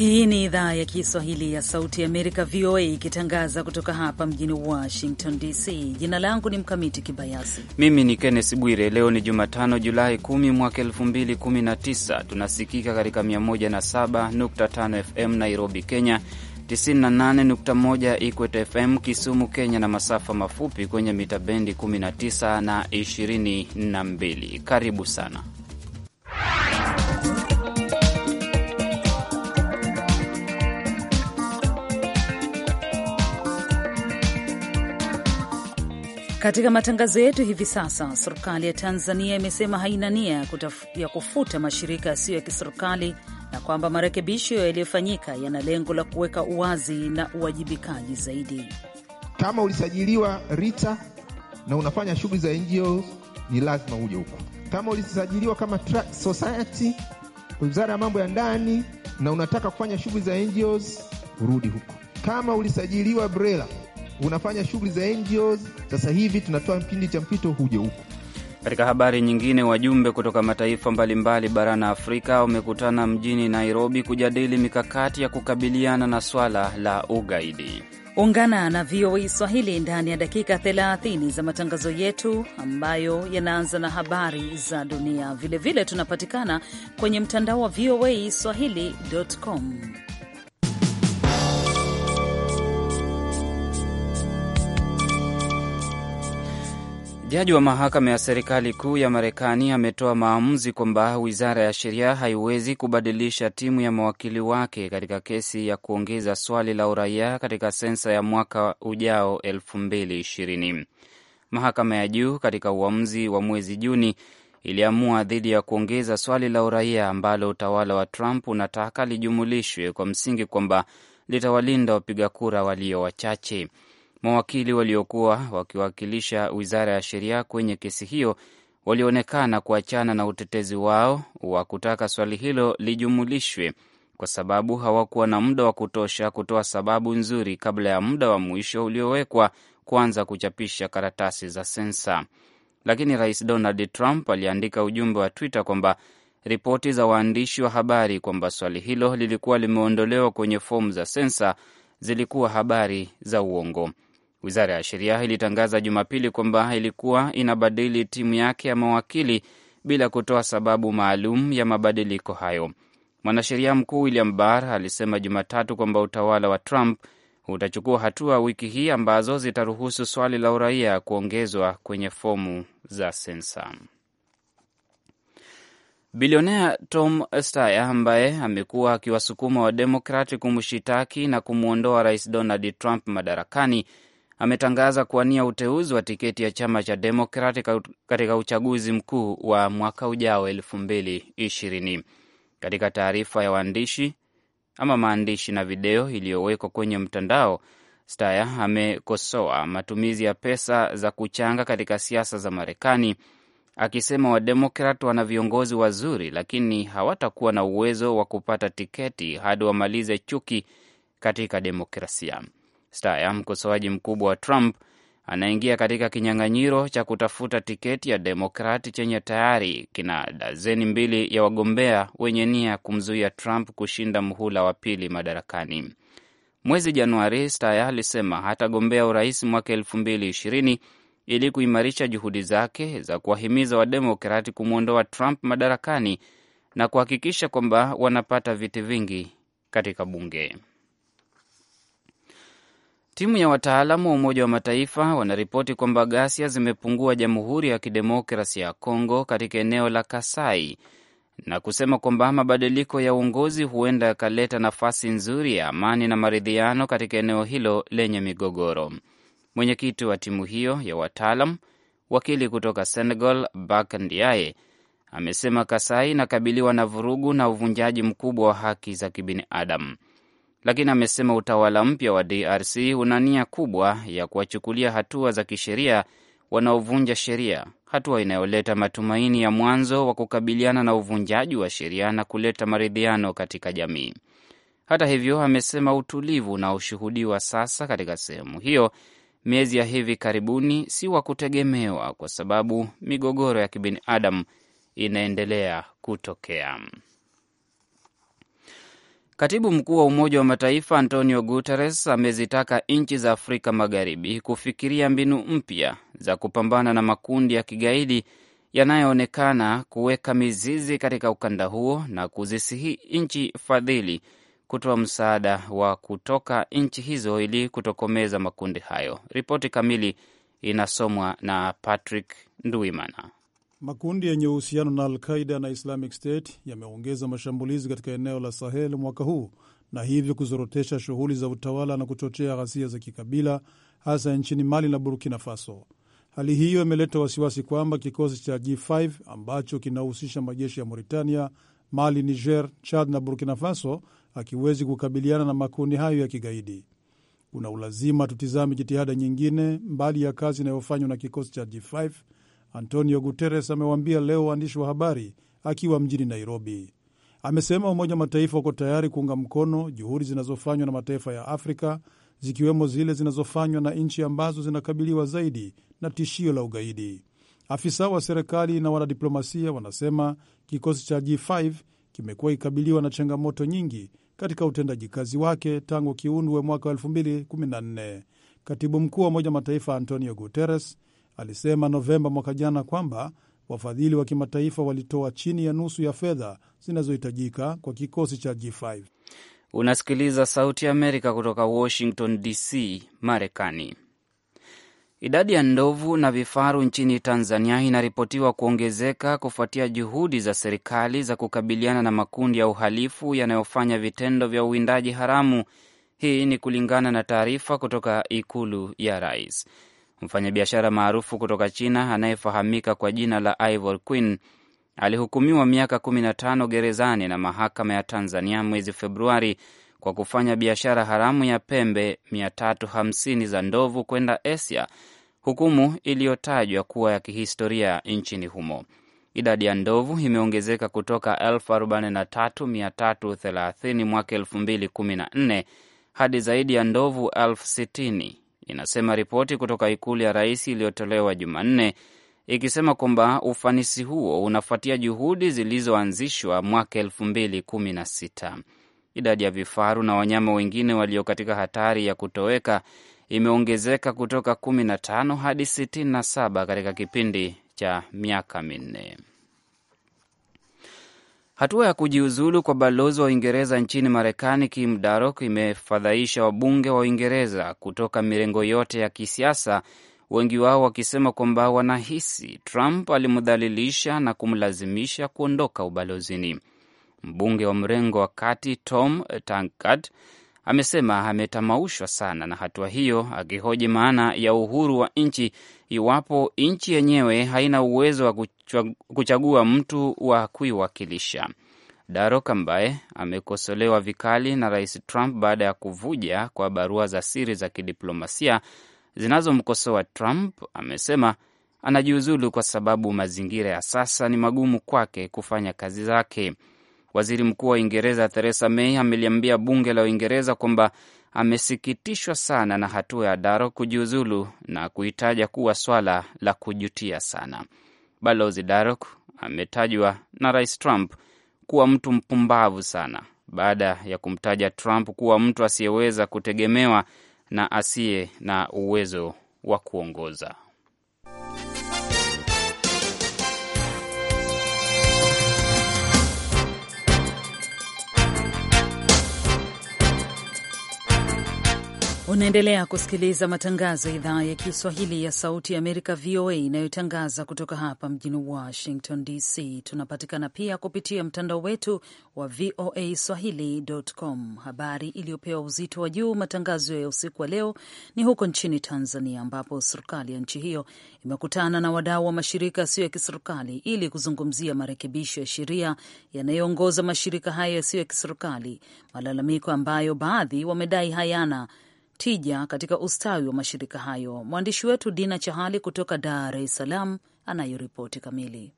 Hii ni idhaa ya Kiswahili ya Sauti ya Amerika, VOA, ikitangaza kutoka hapa mjini Washington DC. Jina langu ni Mkamiti Kibayasi. Mimi ni Kenneth Bwire. Leo ni Jumatano, Julai 10 mwaka 2019. Tunasikika katika 107.5 FM Nairobi, Kenya, 98.1 Ikweta FM Kisumu, Kenya, na masafa mafupi kwenye mita bendi 19 na 22. Karibu sana Katika matangazo yetu hivi sasa, serikali ya Tanzania imesema haina nia ya kufuta mashirika yasiyo ya kiserikali na kwamba marekebisho yaliyofanyika yana lengo la kuweka uwazi na uwajibikaji zaidi. Kama ulisajiliwa RITA na unafanya shughuli za NGO, ni lazima uje huko. Kama ulisajiliwa kama Track Society, wizara ya mambo ya ndani, na unataka kufanya shughuli za NGOs, urudi huko. Kama ulisajiliwa BRELA unafanya shughuli za NGOs. Sasa hivi tunatoa kipindi cha mpito, huje huku. Katika habari nyingine, wajumbe kutoka mataifa mbalimbali barani Afrika wamekutana mjini Nairobi kujadili mikakati ya kukabiliana na swala la ugaidi. Ungana na VOA Swahili ndani ya dakika 30 za matangazo yetu ambayo yanaanza na habari za dunia. Vilevile vile tunapatikana kwenye mtandao wa VOA Swahili.com. Jaji wa mahakama ya serikali kuu ya Marekani ametoa maamuzi kwamba wizara ya sheria haiwezi kubadilisha timu ya mawakili wake katika kesi ya kuongeza swali la uraia katika sensa ya mwaka ujao 220 Mahakama ya juu katika uamuzi wa mwezi Juni iliamua dhidi ya kuongeza swali la uraia ambalo utawala wa Trump unataka lijumulishwe kwa msingi kwamba litawalinda wapiga kura walio wachache. Mawakili waliokuwa wakiwakilisha wizara ya sheria kwenye kesi hiyo walionekana kuachana na utetezi wao wa kutaka swali hilo lijumulishwe kwa sababu hawakuwa na muda wa kutosha kutoa sababu nzuri kabla ya muda wa mwisho uliowekwa kuanza kuchapisha karatasi za sensa. Lakini Rais Donald Trump aliandika ujumbe wa Twitter kwamba ripoti za waandishi wa habari kwamba swali hilo lilikuwa limeondolewa kwenye fomu za sensa zilikuwa habari za uongo. Wizara ya Sheria ilitangaza Jumapili kwamba ilikuwa inabadili timu yake ya mawakili bila kutoa sababu maalum ya mabadiliko hayo. Mwanasheria mkuu William Barr alisema Jumatatu kwamba utawala wa Trump utachukua hatua wiki hii ambazo zitaruhusu swali la uraia kuongezwa kwenye fomu za sensa. Bilionea Tom Steyer ambaye amekuwa akiwasukuma Wademokrati kumshitaki na kumwondoa rais Donald Trump madarakani ametangaza kuwania uteuzi wa tiketi ya chama cha Demokrati katika uchaguzi mkuu wa mwaka ujao elfu mbili ishirini. Katika taarifa ya waandishi ama maandishi na video iliyowekwa kwenye mtandao, Steyer amekosoa matumizi ya pesa za kuchanga katika siasa za Marekani, akisema Wademokrat wana viongozi wazuri, lakini hawatakuwa na uwezo wa kupata tiketi hadi wamalize chuki katika demokrasia. Steyer, mkosoaji mkubwa wa Trump, anaingia katika kinyang'anyiro cha kutafuta tiketi ya Demokrati chenye tayari kina dazeni mbili ya wagombea wenye nia ya kumzuia Trump kushinda mhula wa pili madarakani. Mwezi Januari, Steyer alisema hatagombea urais mwaka elfu mbili ishirini ili kuimarisha juhudi zake za kuwahimiza Wademokrati kumwondoa Trump madarakani na kuhakikisha kwamba wanapata viti vingi katika bunge. Timu ya wataalamu wa Umoja wa Mataifa wanaripoti kwamba ghasia zimepungua Jamhuri ya Kidemokrasia ya Kongo katika eneo la Kasai na kusema kwamba mabadiliko ya uongozi huenda yakaleta nafasi nzuri ya amani na maridhiano katika eneo hilo lenye migogoro. Mwenyekiti wa timu hiyo ya wataalam, wakili kutoka Senegal Bak Ndiaye, amesema Kasai inakabiliwa na vurugu na uvunjaji mkubwa wa haki za kibinadamu lakini amesema utawala mpya wa DRC una nia kubwa ya kuwachukulia hatua za kisheria wanaovunja sheria, hatua inayoleta matumaini ya mwanzo wa kukabiliana na uvunjaji wa sheria na kuleta maridhiano katika jamii. Hata hivyo, amesema utulivu unaoshuhudiwa sasa katika sehemu hiyo miezi ya hivi karibuni si wa kutegemewa, kwa sababu migogoro ya kibinadamu inaendelea kutokea. Katibu mkuu wa Umoja wa Mataifa Antonio Guterres amezitaka nchi za Afrika Magharibi kufikiria mbinu mpya za kupambana na makundi ya kigaidi yanayoonekana kuweka mizizi katika ukanda huo na kuzisihi nchi fadhili kutoa msaada wa kutoka nchi hizo ili kutokomeza makundi hayo. Ripoti kamili inasomwa na Patrick Nduimana. Makundi yenye uhusiano na Alqaida na Islamic State yameongeza mashambulizi katika eneo la Sahel mwaka huu na hivyo kuzorotesha shughuli za utawala na kuchochea ghasia za kikabila hasa nchini Mali na Burkina Faso. Hali hiyo imeleta wasiwasi kwamba kikosi cha G5 ambacho kinahusisha majeshi ya Mauritania, Mali, Niger, Chad na Burkina Faso hakiwezi kukabiliana na makundi hayo ya kigaidi. Kuna ulazima tutizame jitihada nyingine mbali ya kazi inayofanywa na kikosi cha G5 Antonio Guterres amewaambia leo waandishi wa habari akiwa mjini Nairobi. Amesema Umoja wa Mataifa uko tayari kuunga mkono juhudi zinazofanywa na mataifa ya Afrika, zikiwemo zile zinazofanywa na nchi ambazo zinakabiliwa zaidi na tishio la ugaidi. Afisa wa serikali na wanadiplomasia wanasema kikosi cha G5 kimekuwa ikikabiliwa na changamoto nyingi katika utendaji kazi wake tangu kiundwe mwaka 2014. Katibu mkuu wa Umoja wa Mataifa Antonio Guterres alisema Novemba mwaka jana kwamba wafadhili wa kimataifa walitoa chini ya nusu ya fedha zinazohitajika kwa kikosi cha G5. Unasikiliza Sauti ya Amerika kutoka Washington DC, Marekani. Idadi ya ndovu na vifaru nchini Tanzania inaripotiwa kuongezeka kufuatia juhudi za serikali za kukabiliana na makundi ya uhalifu yanayofanya vitendo vya uwindaji haramu. Hii ni kulingana na taarifa kutoka Ikulu ya Rais. Mfanyabiashara maarufu kutoka China anayefahamika kwa jina la Ivory Queen alihukumiwa miaka 15 gerezani na mahakama ya Tanzania mwezi Februari kwa kufanya biashara haramu ya pembe 350 za ndovu kwenda Asia, hukumu iliyotajwa kuwa ya kihistoria nchini humo. Idadi ya ndovu imeongezeka kutoka 43330 mwaka 2014 hadi zaidi ya ndovu elfu inasema ripoti kutoka ikulu ya rais iliyotolewa Jumanne ikisema kwamba ufanisi huo unafuatia juhudi zilizoanzishwa mwaka elfu mbili kumi na sita. Idadi ya vifaru na wanyama wengine walio katika hatari ya kutoweka imeongezeka kutoka 15 hadi 67 katika kipindi cha miaka minne. Hatua ya kujiuzulu kwa balozi wa Uingereza nchini Marekani, Kim darok imefadhaisha wabunge wa Uingereza kutoka mirengo yote ya kisiasa, wengi wao wakisema kwamba wanahisi Trump alimdhalilisha na kumlazimisha kuondoka ubalozini. Mbunge wa mrengo wa kati Tom Tankard amesema ametamaushwa sana na hatua hiyo, akihoji maana ya uhuru wa nchi iwapo nchi yenyewe haina uwezo wa kuchagua mtu wa kuiwakilisha. Darok ambaye amekosolewa vikali na Rais Trump baada ya kuvuja kwa barua za siri za kidiplomasia zinazomkosoa Trump, amesema anajiuzulu kwa sababu mazingira ya sasa ni magumu kwake kufanya kazi zake. Waziri Mkuu wa Uingereza Theresa May ameliambia bunge la Uingereza kwamba amesikitishwa sana na hatua ya Daro kujiuzulu na kuitaja kuwa swala la kujutia sana. Balozi Darok ametajwa na Rais Trump kuwa mtu mpumbavu sana baada ya kumtaja Trump kuwa mtu asiyeweza kutegemewa na asiye na uwezo wa kuongoza. Unaendelea kusikiliza matangazo ya idhaa ya Kiswahili ya Sauti ya Amerika, VOA, inayotangaza kutoka hapa mjini Washington DC. Tunapatikana pia kupitia mtandao wetu wa VOA Swahili.com. Habari iliyopewa uzito wa juu matangazo ya usiku wa leo ni huko nchini Tanzania, ambapo serikali ya nchi hiyo imekutana na wadau wa mashirika yasiyo ya kiserikali ili kuzungumzia marekebisho ya sheria yanayoongoza mashirika hayo yasiyo ya kiserikali, malalamiko ambayo baadhi wamedai hayana tija katika ustawi wa mashirika hayo. Mwandishi wetu Dina Chahali kutoka Dar es Salaam anayoripoti kamili.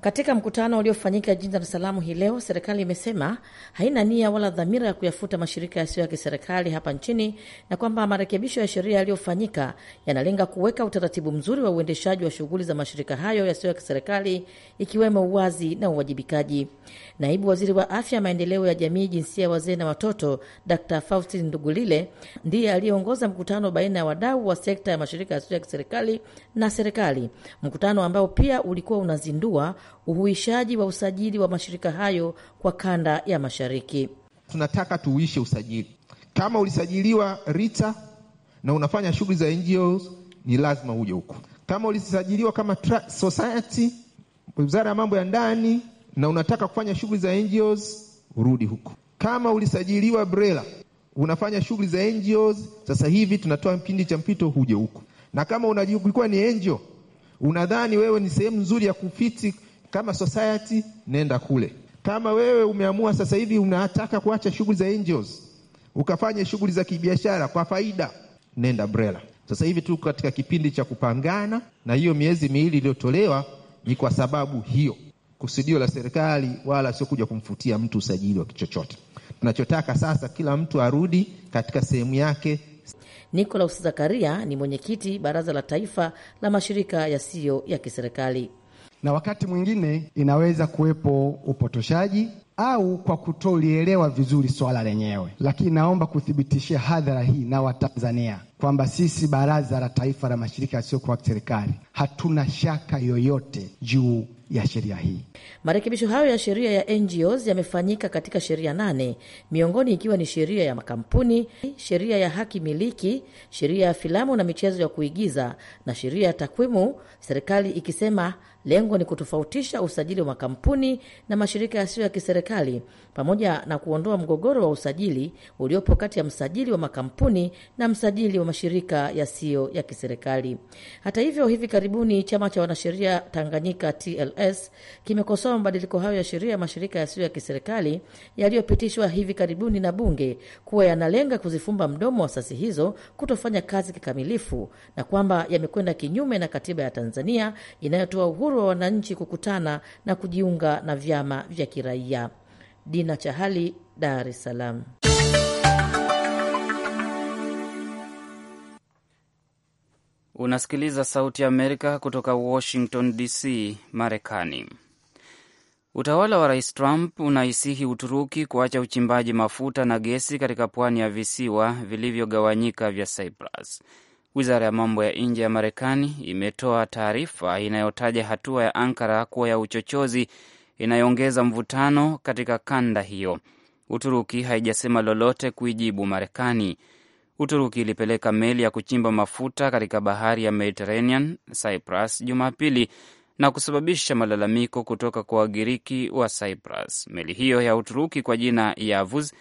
Katika mkutano uliofanyika jijini Dar es Salaam hii leo, serikali imesema haina nia wala dhamira ya kuyafuta mashirika yasiyo ya kiserikali hapa nchini na kwamba marekebisho ya sheria yaliyofanyika yanalenga kuweka utaratibu mzuri wa uendeshaji wa shughuli za mashirika hayo yasiyo ya kiserikali ikiwemo uwazi na uwajibikaji. Naibu Waziri wa Afya, Maendeleo ya Jamii, Jinsia ya Wazee na Watoto, Dr Faustin Ndugulile ndiye aliyeongoza mkutano baina ya wadau wa sekta ya mashirika yasiyo ya kiserikali na serikali, mkutano ambao pia ulikuwa unazindua uhuishaji wa usajili wa mashirika hayo kwa kanda ya mashariki. Tunataka tuuishe usajili. Kama ulisajiliwa RITA na unafanya shughuli za NGOs, ni lazima uje huku. Kama ulisajiliwa kama society, wizara ya mambo ya ndani, na unataka kufanya shughuli za NGOs, urudi huku. Kama ulisajiliwa BRELA unafanya shughuli za NGOs, sasa hivi tunatoa kipindi cha mpito, huje huku. Na kama ulikuwa ni NGO unadhani wewe ni sehemu nzuri ya kufiti kama society, nenda kule. Kama wewe umeamua sasa hivi unataka kuacha shughuli za angels ukafanya shughuli za kibiashara kwa faida, nenda BRELA. Sasa hivi tuko katika kipindi cha kupangana, na hiyo miezi miwili iliyotolewa ni kwa sababu hiyo. Kusudio la serikali wala sio kuja kumfutia mtu usajili wa kichochote. Tunachotaka sasa, kila mtu arudi katika sehemu yake. nicolas Zakaria ni mwenyekiti baraza la taifa la mashirika yasiyo ya kiserikali na wakati mwingine inaweza kuwepo upotoshaji au kwa kutolielewa vizuri swala lenyewe, lakini naomba kuthibitishia hadhara hii na Watanzania kwamba sisi Baraza la Taifa la Mashirika Yasiyokuwa Serikali hatuna shaka yoyote juu ya sheria hii. Marekebisho hayo ya sheria ya NGOs yamefanyika katika sheria nane, miongoni ikiwa ni sheria ya makampuni, sheria ya haki miliki, sheria ya filamu na michezo ya kuigiza na sheria ya takwimu, serikali ikisema lengo ni kutofautisha usajili wa makampuni na mashirika yasiyo ya kiserikali pamoja na kuondoa mgogoro wa usajili uliopo kati ya msajili wa makampuni na msajili wa mashirika yasiyo ya kiserikali. Hata hivyo, hivi karibuni chama cha wanasheria Tanganyika TLS kimekosoa mabadiliko hayo ya sheria ya mashirika yasiyo ya kiserikali yaliyopitishwa hivi karibuni na bunge kuwa yanalenga kuzifumba mdomo wa asasi hizo kutofanya kazi kikamilifu na kwamba yamekwenda kinyume na katiba ya Tanzania inayotoa uhuru wa wananchi kukutana na kujiunga na vyama vya kiraia. Dina Chahali, Dar es Salaam. Unasikiliza Sauti ya Amerika kutoka Washington DC, Marekani. Utawala wa Rais Trump unaisihi Uturuki kuacha uchimbaji mafuta na gesi katika pwani ya visiwa vilivyogawanyika vya Cyprus. Wizara ya mambo ya nje ya Marekani imetoa taarifa inayotaja hatua ya Ankara kuwa ya uchochozi inayoongeza mvutano katika kanda hiyo. Uturuki haijasema lolote kuijibu Marekani. Uturuki ilipeleka meli ya kuchimba mafuta katika bahari ya Mediterranean Cyprus Jumapili na kusababisha malalamiko kutoka kwa Wagiriki wa Cyprus. Meli hiyo ya Uturuki kwa jina Yavuz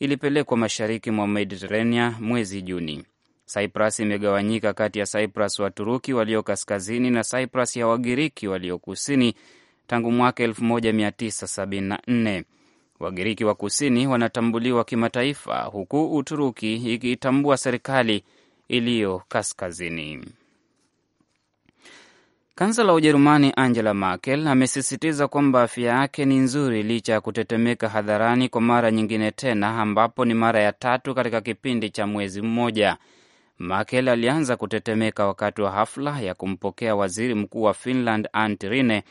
ilipelekwa mashariki mwa Mediterranean mwezi Juni. Cyprus imegawanyika kati ya Cyprus waturuki walio kaskazini na Cyprus ya Wagiriki walio kusini tangu mwaka 1974. Wagiriki wa kusini wanatambuliwa kimataifa huku Uturuki ikiitambua serikali iliyo kaskazini. Kansela wa Ujerumani Angela Merkel amesisitiza kwamba afya yake ni nzuri licha ya kutetemeka hadharani kwa mara nyingine tena, ambapo ni mara ya tatu katika kipindi cha mwezi mmoja. Merkel alianza kutetemeka wakati wa hafla ya kumpokea waziri mkuu wa Finland Antti Rinne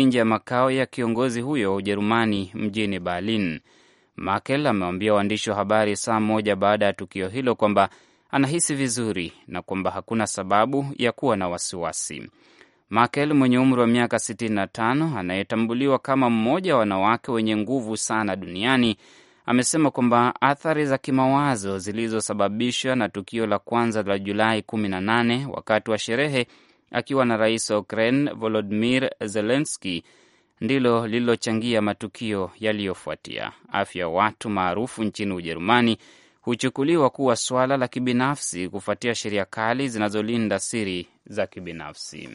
nje ya makao ya kiongozi huyo wa Ujerumani mjini Berlin. Merkel amewambia waandishi wa habari saa moja baada ya tukio hilo kwamba anahisi vizuri na kwamba hakuna sababu ya kuwa na wasiwasi. Merkel mwenye umri wa miaka 65 anayetambuliwa kama mmoja wa wanawake wenye nguvu sana duniani amesema kwamba athari za kimawazo zilizosababishwa na tukio la kwanza la Julai 18 wakati wa sherehe akiwa na rais wa Ukraine Volodimir Zelenski ndilo lililochangia matukio yaliyofuatia. Afya ya watu maarufu nchini Ujerumani huchukuliwa kuwa swala la kibinafsi kufuatia sheria kali zinazolinda siri za kibinafsi.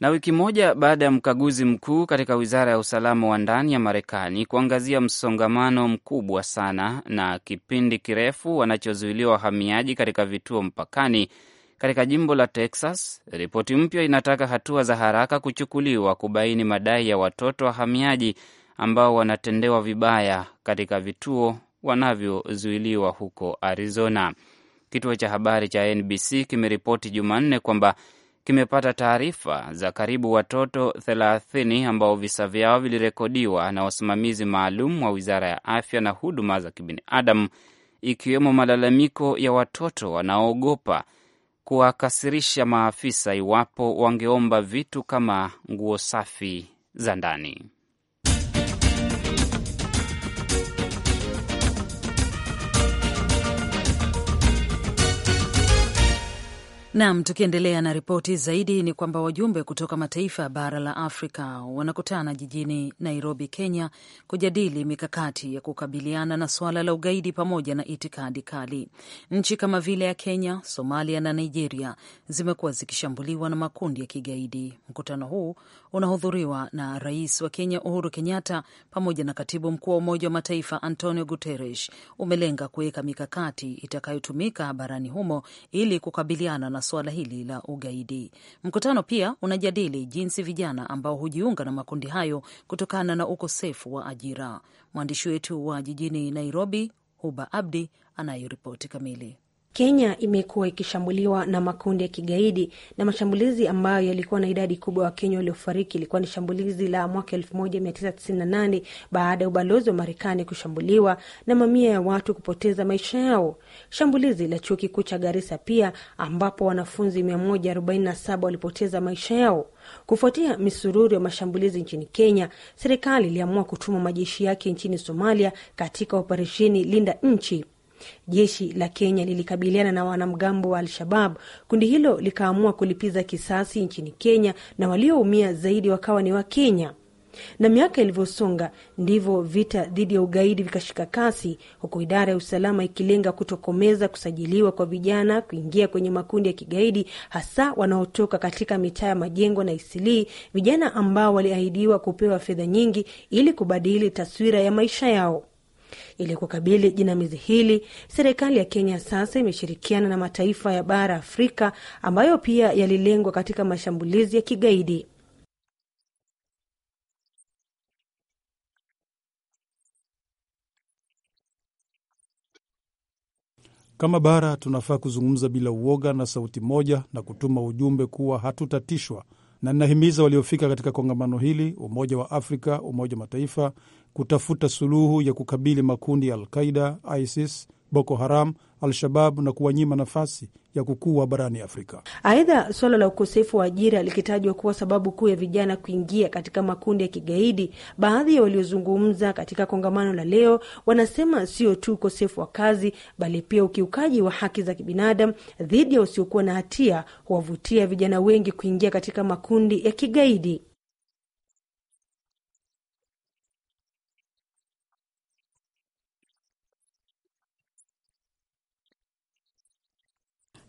Na wiki moja baada ya mkaguzi mkuu katika wizara ya usalama wa ndani ya Marekani kuangazia msongamano mkubwa sana na kipindi kirefu wanachozuiliwa wahamiaji katika vituo mpakani katika jimbo la Texas. Ripoti mpya inataka hatua za haraka kuchukuliwa kubaini madai ya watoto wahamiaji ambao wanatendewa vibaya katika vituo wanavyozuiliwa huko Arizona. Kituo cha habari cha NBC kimeripoti Jumanne kwamba kimepata taarifa za karibu watoto 30 ambao visa vyao vilirekodiwa na wasimamizi maalum wa wizara ya afya na huduma za kibinadamu, ikiwemo malalamiko ya watoto wanaoogopa kuwakasirisha maafisa iwapo wangeomba vitu kama nguo safi za ndani. Nam, tukiendelea na ripoti zaidi ni kwamba wajumbe kutoka mataifa ya bara la Afrika wanakutana jijini Nairobi, Kenya, kujadili mikakati ya kukabiliana na suala la ugaidi pamoja na itikadi kali. Nchi kama vile ya Kenya, Somalia na Nigeria zimekuwa zikishambuliwa na makundi ya kigaidi. Mkutano huu unahudhuriwa na rais wa Kenya Uhuru Kenyatta pamoja na katibu mkuu wa Umoja wa Mataifa Antonio Guterres umelenga kuweka mikakati itakayotumika barani humo ili kukabiliana na suala hili la ugaidi. Mkutano pia unajadili jinsi vijana ambao hujiunga na makundi hayo kutokana na ukosefu wa ajira. Mwandishi wetu wa jijini Nairobi, Huba Abdi, anayeripoti kamili. Kenya imekuwa ikishambuliwa na makundi ya kigaidi na mashambulizi ambayo yalikuwa na idadi kubwa ya Wakenya waliofariki ilikuwa ni shambulizi la mwaka 1998 baada ya ubalozi wa Marekani kushambuliwa na mamia ya watu kupoteza maisha yao. Shambulizi la chuo kikuu cha Garissa pia ambapo wanafunzi 147 walipoteza maisha yao. Kufuatia misururu ya mashambulizi nchini Kenya, serikali iliamua kutuma majeshi yake nchini Somalia katika operesheni Linda Nchi jeshi la Kenya lilikabiliana na wanamgambo wa Al-Shabab. Kundi hilo likaamua kulipiza kisasi nchini Kenya, na walioumia zaidi wakawa ni Wakenya. Na miaka ilivyosonga ndivyo vita dhidi ya ugaidi vikashika kasi, huku idara ya usalama ikilenga kutokomeza kusajiliwa kwa vijana kuingia kwenye makundi ya kigaidi, hasa wanaotoka katika mitaa ya Majengo na Isilii, vijana ambao waliahidiwa kupewa fedha nyingi ili kubadili taswira ya maisha yao. Ili kukabili jinamizi hili, serikali ya Kenya sasa imeshirikiana na mataifa ya bara Afrika ambayo pia yalilengwa katika mashambulizi ya kigaidi. Kama bara tunafaa kuzungumza bila uoga na sauti moja na kutuma ujumbe kuwa hatutatishwa, na ninahimiza waliofika katika kongamano hili, Umoja wa Afrika, Umoja wa Mataifa kutafuta suluhu ya kukabili makundi ya Alqaida, ISIS, Boko Haram, Al-Shabab na kuwanyima nafasi ya kukua barani Afrika. Aidha, suala la ukosefu wa ajira likitajwa kuwa sababu kuu ya vijana kuingia katika makundi ya kigaidi. Baadhi ya waliozungumza katika kongamano la leo wanasema sio tu ukosefu wa kazi, bali pia ukiukaji wa haki za kibinadamu dhidi ya wasiokuwa na hatia huwavutia vijana wengi kuingia katika makundi ya kigaidi.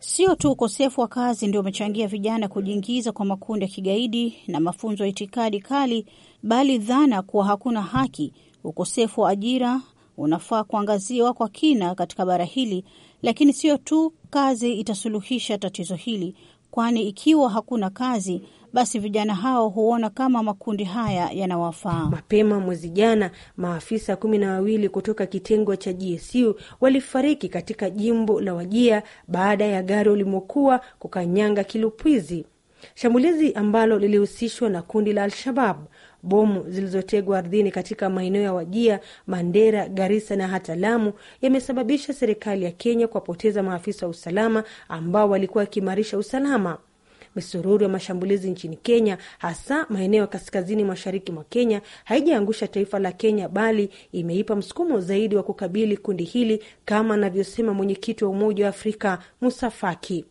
Sio tu ukosefu wa kazi ndio umechangia vijana kujiingiza kwa makundi ya kigaidi na mafunzo ya itikadi kali, bali dhana kuwa hakuna haki, ukosefu wa ajira unafaa kuangaziwa kwa kina katika bara hili. Lakini sio tu kazi itasuluhisha tatizo hili, kwani ikiwa hakuna kazi, basi vijana hao huona kama makundi haya yanawafaa. Mapema mwezi jana, maafisa kumi na wawili kutoka kitengo cha GSU walifariki katika jimbo la Wajia baada ya gari ulimokuwa kukanyanga kilupwizi, shambulizi ambalo lilihusishwa na kundi la Al-Shabab. Bomu zilizotegwa ardhini katika maeneo ya Wajia, Mandera, Garisa na hata Lamu yamesababisha serikali ya Kenya kuwapoteza maafisa wa usalama ambao walikuwa wakiimarisha usalama. Misururu ya mashambulizi nchini Kenya, hasa maeneo ya kaskazini mashariki mwa Kenya, haijaangusha taifa la Kenya, bali imeipa msukumo zaidi wa kukabili kundi hili, kama anavyosema mwenyekiti wa Umoja wa Afrika Musa Faki.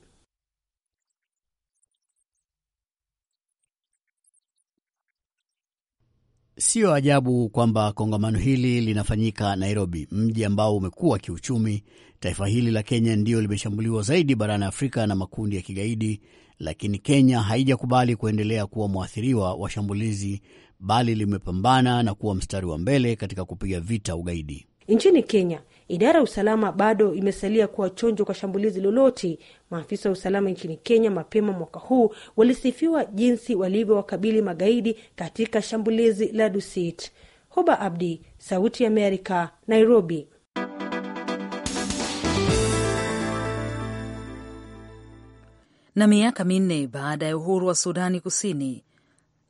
Siyo ajabu kwamba kongamano hili linafanyika Nairobi, mji ambao umekuwa kiuchumi. Taifa hili la Kenya ndiyo limeshambuliwa zaidi barani Afrika na makundi ya kigaidi lakini Kenya haijakubali kuendelea kuwa mwathiriwa wa shambulizi, bali limepambana na kuwa mstari wa mbele katika kupiga vita ugaidi nchini Kenya. Idara ya usalama bado imesalia kuwa chonjo kwa shambulizi lolote. Maafisa wa usalama nchini Kenya mapema mwaka huu walisifiwa jinsi walivyowakabili magaidi katika shambulizi la Dusit. Hoba Abdi, Sauti ya Amerika, Nairobi. Na miaka minne baada ya uhuru wa Sudani Kusini,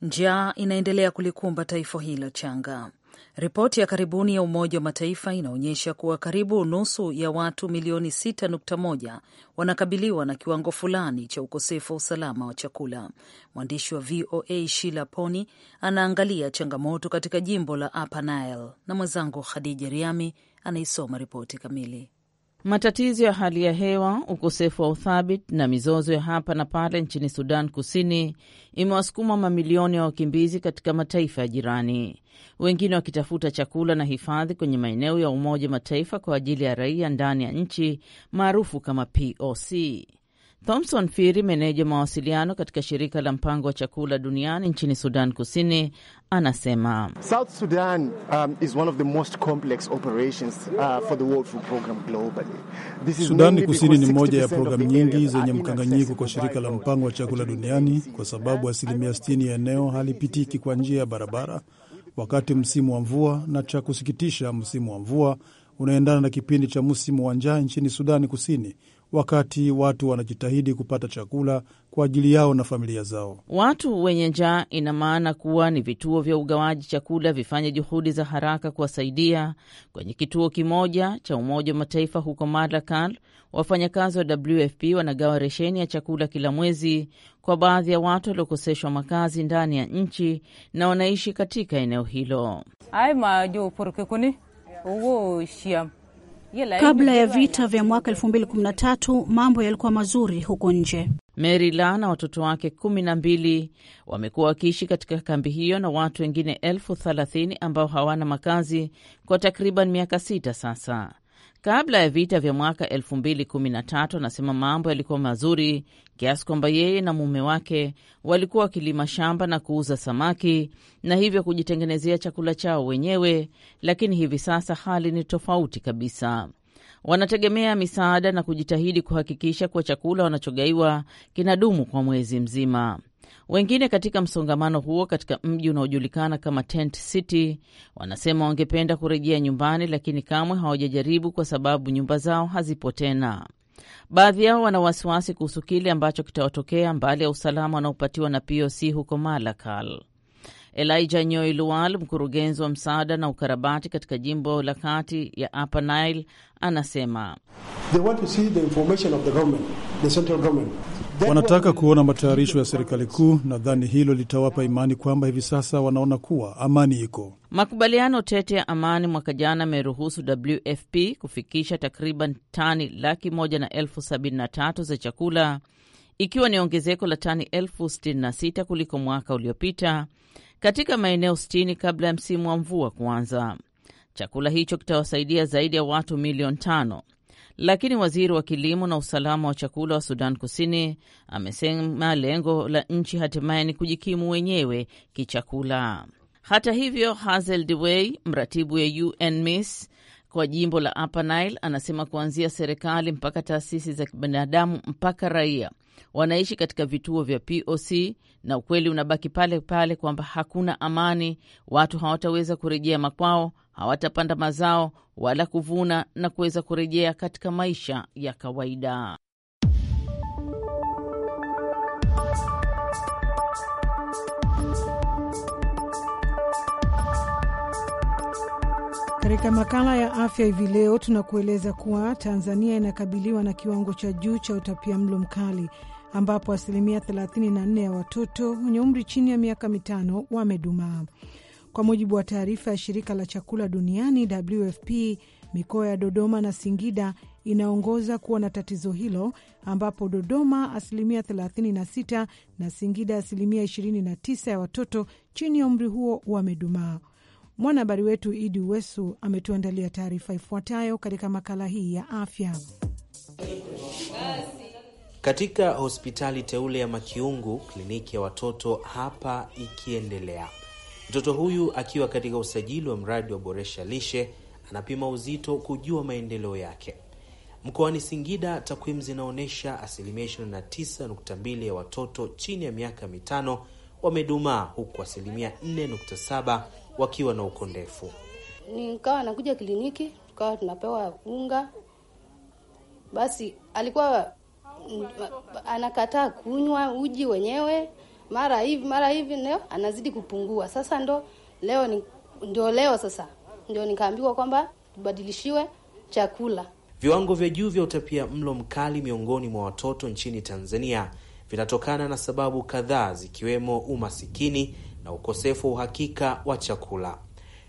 njaa inaendelea kulikumba taifa hilo changa. Ripoti ya karibuni ya Umoja wa Mataifa inaonyesha kuwa karibu nusu ya watu milioni 6.1 wanakabiliwa na kiwango fulani cha ukosefu wa usalama wa chakula. Mwandishi wa VOA Shila Poni anaangalia changamoto katika jimbo la Upper Nile na mwenzangu Khadija Riami anaisoma ripoti kamili. Matatizo ya hali ya hewa, ukosefu wa uthabiti na mizozo ya hapa na pale nchini Sudan Kusini imewasukuma mamilioni ya wa wakimbizi katika mataifa ya jirani, wengine wakitafuta chakula na hifadhi kwenye maeneo ya Umoja Mataifa kwa ajili ya raia ndani ya nchi maarufu kama POC. Thomson Firi, meneja mawasiliano katika shirika la mpango wa chakula duniani nchini Sudan Kusini, anasema South Sudan um, is one of the most complex operations uh, for the World Food Program globally. This is Sudani Kusini ni moja ya programu nyingi zenye mkanganyiko kwa shirika la mpango wa chakula duniani kwa sababu asilimia 60 ya eneo halipitiki kwa njia ya barabara wakati msimu wa mvua, na cha kusikitisha, msimu wa mvua unaendana na kipindi cha msimu wa njaa nchini Sudani Kusini wakati watu wanajitahidi kupata chakula kwa ajili yao na familia zao. Watu wenye njaa, ina maana kuwa ni vituo vya ugawaji chakula vifanye juhudi za haraka kuwasaidia. Kwenye kituo kimoja cha Umoja wa Mataifa huko Malakal, wafanyakazi wa WFP wanagawa resheni ya chakula kila mwezi kwa baadhi ya watu waliokoseshwa makazi ndani ya nchi na wanaishi katika eneo hilo. Kabla ya vita vya mwaka 2013 mambo yalikuwa mazuri huko nje. Merila na watoto wake kumi na mbili wamekuwa wakiishi katika kambi hiyo na watu wengine elfu thelathini ambao hawana makazi kwa takriban miaka sita sasa. Kabla ya vita vya mwaka 2013 anasema mambo yalikuwa mazuri kiasi kwamba yeye na mume wake walikuwa wakilima shamba na kuuza samaki na hivyo kujitengenezea chakula chao wenyewe, lakini hivi sasa hali ni tofauti kabisa. Wanategemea misaada na kujitahidi kuhakikisha kuwa chakula wanachogaiwa kinadumu kwa mwezi mzima. Wengine katika msongamano huo katika mji unaojulikana kama Tent City wanasema wangependa kurejea nyumbani, lakini kamwe hawajajaribu kwa sababu nyumba zao hazipo tena. Baadhi yao wana wasiwasi kuhusu kile ambacho kitawatokea mbali ya usalama wanaopatiwa na POC huko Malakal. Elijah Nyoi Lual, mkurugenzi wa msaada na ukarabati katika jimbo la kati ya Upper Nile, anasema Wanataka kuona matayarisho ya serikali kuu. Nadhani hilo litawapa imani kwamba hivi sasa wanaona kuwa amani iko. Makubaliano tete ya amani mwaka jana ameruhusu WFP kufikisha takriban tani laki moja na elfu sabini na tatu za chakula, ikiwa ni ongezeko la tani elfu sitini na sita kuliko mwaka uliopita katika maeneo 60 kabla ya msimu wa mvua kuanza. Chakula hicho kitawasaidia zaidi ya watu milioni tano lakini waziri wa kilimo na usalama wa chakula wa Sudan Kusini amesema lengo la nchi hatimaye ni kujikimu wenyewe kichakula. Hata hivyo, Hazel Dewey, mratibu ya UNMISS kwa jimbo la Upper Nile, anasema kuanzia serikali mpaka taasisi za kibinadamu mpaka raia wanaishi katika vituo vya POC na ukweli unabaki pale pale kwamba hakuna amani, watu hawataweza kurejea makwao, hawatapanda mazao wala kuvuna na kuweza kurejea katika maisha ya kawaida. Katika makala ya afya hivi leo tunakueleza kuwa Tanzania inakabiliwa na kiwango cha juu cha utapia mlo mkali ambapo asilimia 34 ya watoto wenye umri chini ya miaka mitano wamedumaa. Kwa mujibu wa taarifa ya shirika la chakula duniani WFP, mikoa ya Dodoma na Singida inaongoza kuwa na tatizo hilo, ambapo Dodoma asilimia 36 na Singida asilimia 29 ya watoto chini ya umri huo wamedumaa. Mwanahabari wetu Idi Wesu ametuandalia taarifa ifuatayo katika makala hii ya afya. Katika hospitali teule ya Makiungu, kliniki ya watoto hapa ikiendelea, mtoto huyu akiwa katika usajili wa mradi wa boresha lishe anapima uzito kujua maendeleo yake. Mkoani Singida, takwimu zinaonyesha asilimia 29.2 ya watoto chini ya miaka mitano wamedumaa, huku asilimia 4.7 wakiwa na ukondefu. Nikawa nakuja kliniki, tukawa tunapewa unga, basi alikuwa anakataa kunywa uji wenyewe, mara hivi mara hivi, ndio anazidi kupungua. Sasa ndo leo ni, ndio leo sasa ndio nikaambiwa kwamba tubadilishiwe chakula. Viwango vya juu vya utapia mlo mkali miongoni mwa watoto nchini Tanzania vinatokana na sababu kadhaa zikiwemo umasikini na ukosefu wa uhakika wa chakula.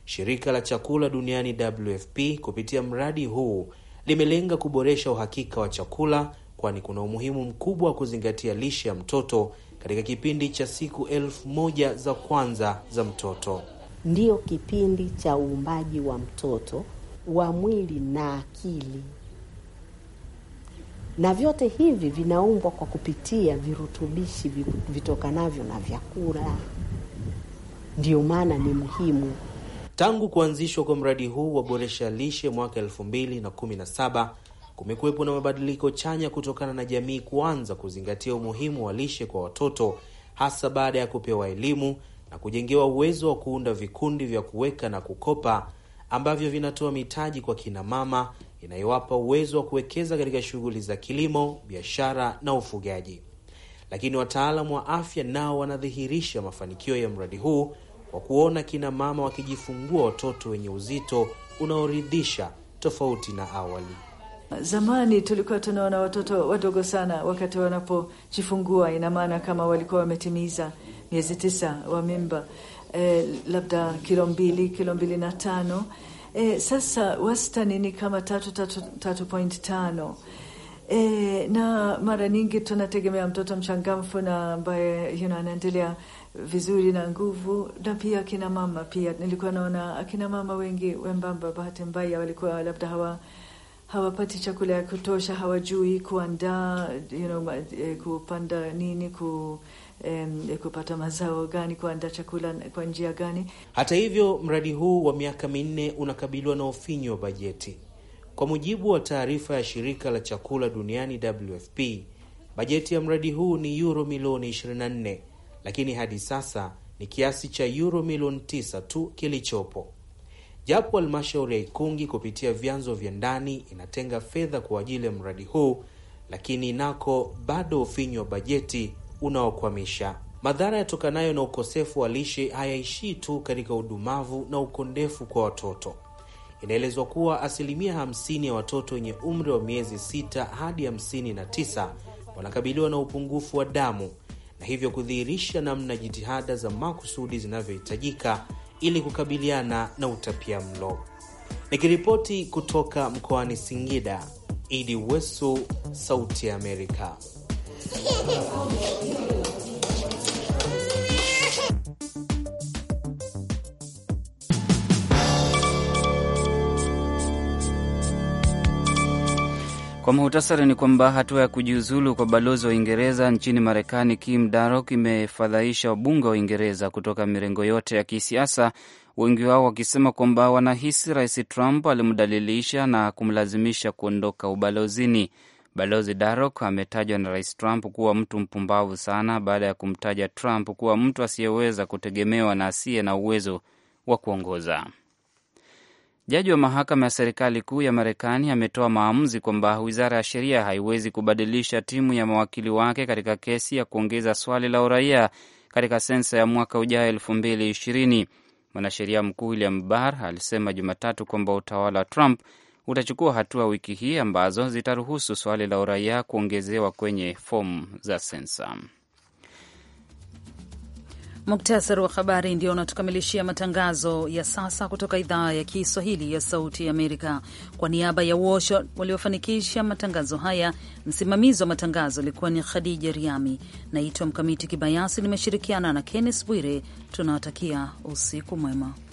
Shirika la chakula duniani WFP kupitia mradi huu limelenga kuboresha uhakika wa chakula, kwani kuna umuhimu mkubwa wa kuzingatia lishe ya mtoto katika kipindi cha siku elfu moja za kwanza za mtoto. Ndiyo kipindi cha uumbaji wa mtoto wa mwili na akili na vyote hivi vinaumbwa kwa kupitia virutubishi vitokanavyo na vyakula. Ndiyo maana ni muhimu. Tangu kuanzishwa kwa mradi huu wa boresha lishe mwaka elfu mbili na kumi na saba kumekuwepo na mabadiliko chanya kutokana na jamii kuanza kuzingatia umuhimu wa lishe kwa watoto, hasa baada ya kupewa elimu na kujengewa uwezo wa kuunda vikundi vya kuweka na kukopa ambavyo vinatoa mitaji kwa kinamama inayowapa uwezo wa kuwekeza katika shughuli za kilimo, biashara na ufugaji. Lakini wataalamu wa afya nao wanadhihirisha mafanikio ya mradi huu kwa kuona kina mama wakijifungua watoto wenye uzito unaoridhisha tofauti na awali. Zamani tulikuwa tunaona watoto wadogo sana wakati wanapojifungua, ina maana kama walikuwa wametimiza miezi tisa wa mimba, eh, labda kilo mbili, kilo mbili na tano E, sasa wastani ni kama tatu tatu tatu point tano. E, na mara nyingi tunategemea mtoto mchangamfu na ambaye you know, anaendelea vizuri na nguvu, na pia akina mama pia nilikuwa naona akina mama wengi wembamba, bahati mbaya walikuwa labda hawa hawapati chakula ya kutosha, hawajui kuandaa you know, eh, kupanda nini ku em, kupata mazao gani, kuandaa chakula kwa njia gani. Hata hivyo, mradi huu wa miaka minne unakabiliwa na ufinyi wa bajeti. Kwa mujibu wa taarifa ya shirika la chakula duniani WFP, bajeti ya mradi huu ni yuro milioni 24, lakini hadi sasa ni kiasi cha yuro milioni 9 tu kilichopo. Japo halmashauri ya Ikungi kupitia vyanzo vya ndani inatenga fedha kwa ajili ya mradi huu, lakini nako bado ufinyi wa bajeti unaokwamisha. Madhara yatokanayo na ukosefu wa lishe hayaishii tu katika udumavu na ukondefu kwa watoto. Inaelezwa kuwa asilimia 50 ya watoto wenye umri wa miezi 6 hadi 59 wanakabiliwa na upungufu wa damu na hivyo kudhihirisha namna jitihada za makusudi zinavyohitajika ili kukabiliana na utapia mlo. Nikiripoti kutoka mkoani Singida, Idi Wesu, Sauti ya Amerika. Kwa muhtasari ni kwamba hatua ya kujiuzulu kwa balozi wa Uingereza nchini Marekani Kim Darroch imefadhaisha wabunge wa Uingereza kutoka mirengo yote ya kisiasa, wengi wao wakisema kwamba wanahisi Rais Trump alimdalilisha na kumlazimisha kuondoka ubalozini. Balozi Darok ametajwa na Rais Trump kuwa mtu mpumbavu sana baada ya kumtaja Trump kuwa mtu asiyeweza kutegemewa na asiye na uwezo wa kuongoza. Jaji wa mahakama ya serikali kuu ya Marekani ametoa maamuzi kwamba wizara ya sheria haiwezi kubadilisha timu ya mawakili wake katika kesi ya kuongeza swali la uraia katika sensa ya mwaka ujao elfu mbili ishirini. Mwanasheria mkuu William Barr alisema Jumatatu kwamba utawala wa Trump utachukua hatua wiki hii ambazo zitaruhusu swali la uraia kuongezewa kwenye fomu za sensa. Muktasari wa habari ndio unatukamilishia matangazo ya sasa kutoka idhaa ya Kiswahili ya Sauti ya Amerika. Kwa niaba ya washo waliofanikisha matangazo haya, msimamizi wa matangazo alikuwa ni Khadija Riami. Naitwa Mkamiti Kibayasi, nimeshirikiana na Kennes Bwire. Tunawatakia usiku mwema.